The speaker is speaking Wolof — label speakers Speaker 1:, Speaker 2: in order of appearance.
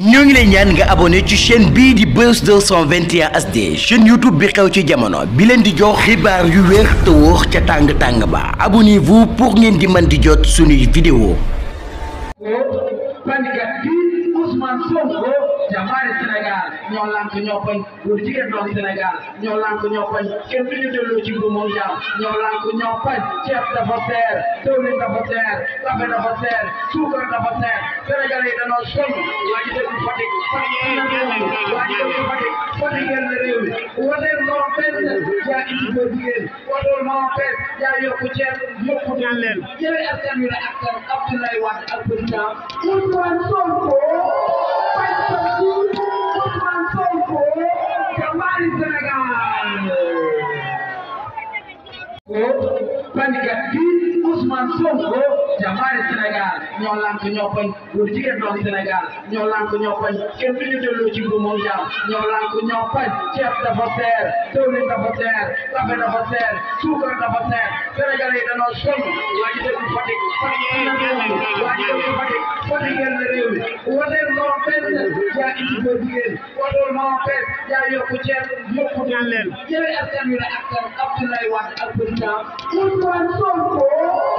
Speaker 1: ñoo ngi lay ñaan nga abonné ci chaîne bii di Buzz 221 HD chaîne YouTube bi xew ci jamono bi leen di jox xibaar yu weex te wóor ca tàng tàng ba abonnez-vous pour ngeen di mën di jot suñuy vidéo. jàmbaari Sénégal ñoo lànk ñoo bañ góor jigéen doon Sénégal ñoo lànk ñoo bañ kenn du ñu delloo ci bu mondial ñoo lànk ñoo bañ ceeb dafa seer diwlin dafa seer café dafa seer suukar dafa seer Sénégal yi dañoo soñ waa ji dëkk Fatick Fatick ngeen réew mi waa ji dëkk Fatick Fatick ngeen réew mi wateel moo fees yaa indi góor jigéen wateel moo fees yaa yokku ceeb yokku naan leen jëlee askan wi ne ak Abdoulaye Wade ak président Ousmane Sonko pan kati Ousmane Sonko jàmbaari Sénégal ñoo lànk ñoo bañ góor jigéen doon Sénégal ñoo lànk ñoo bañ kenn du ñu delloo ci bu moom jaam ñoo lànk ñoo bañ ceeb dafa seer dëwlin dafa seer café dafa fes yaa indi góor jigéen waxoon moo fes yaa yokku ceeb yokku naan leen jëlee askan wi la ak Abdoulaye Wade ak président Ousmane Sonko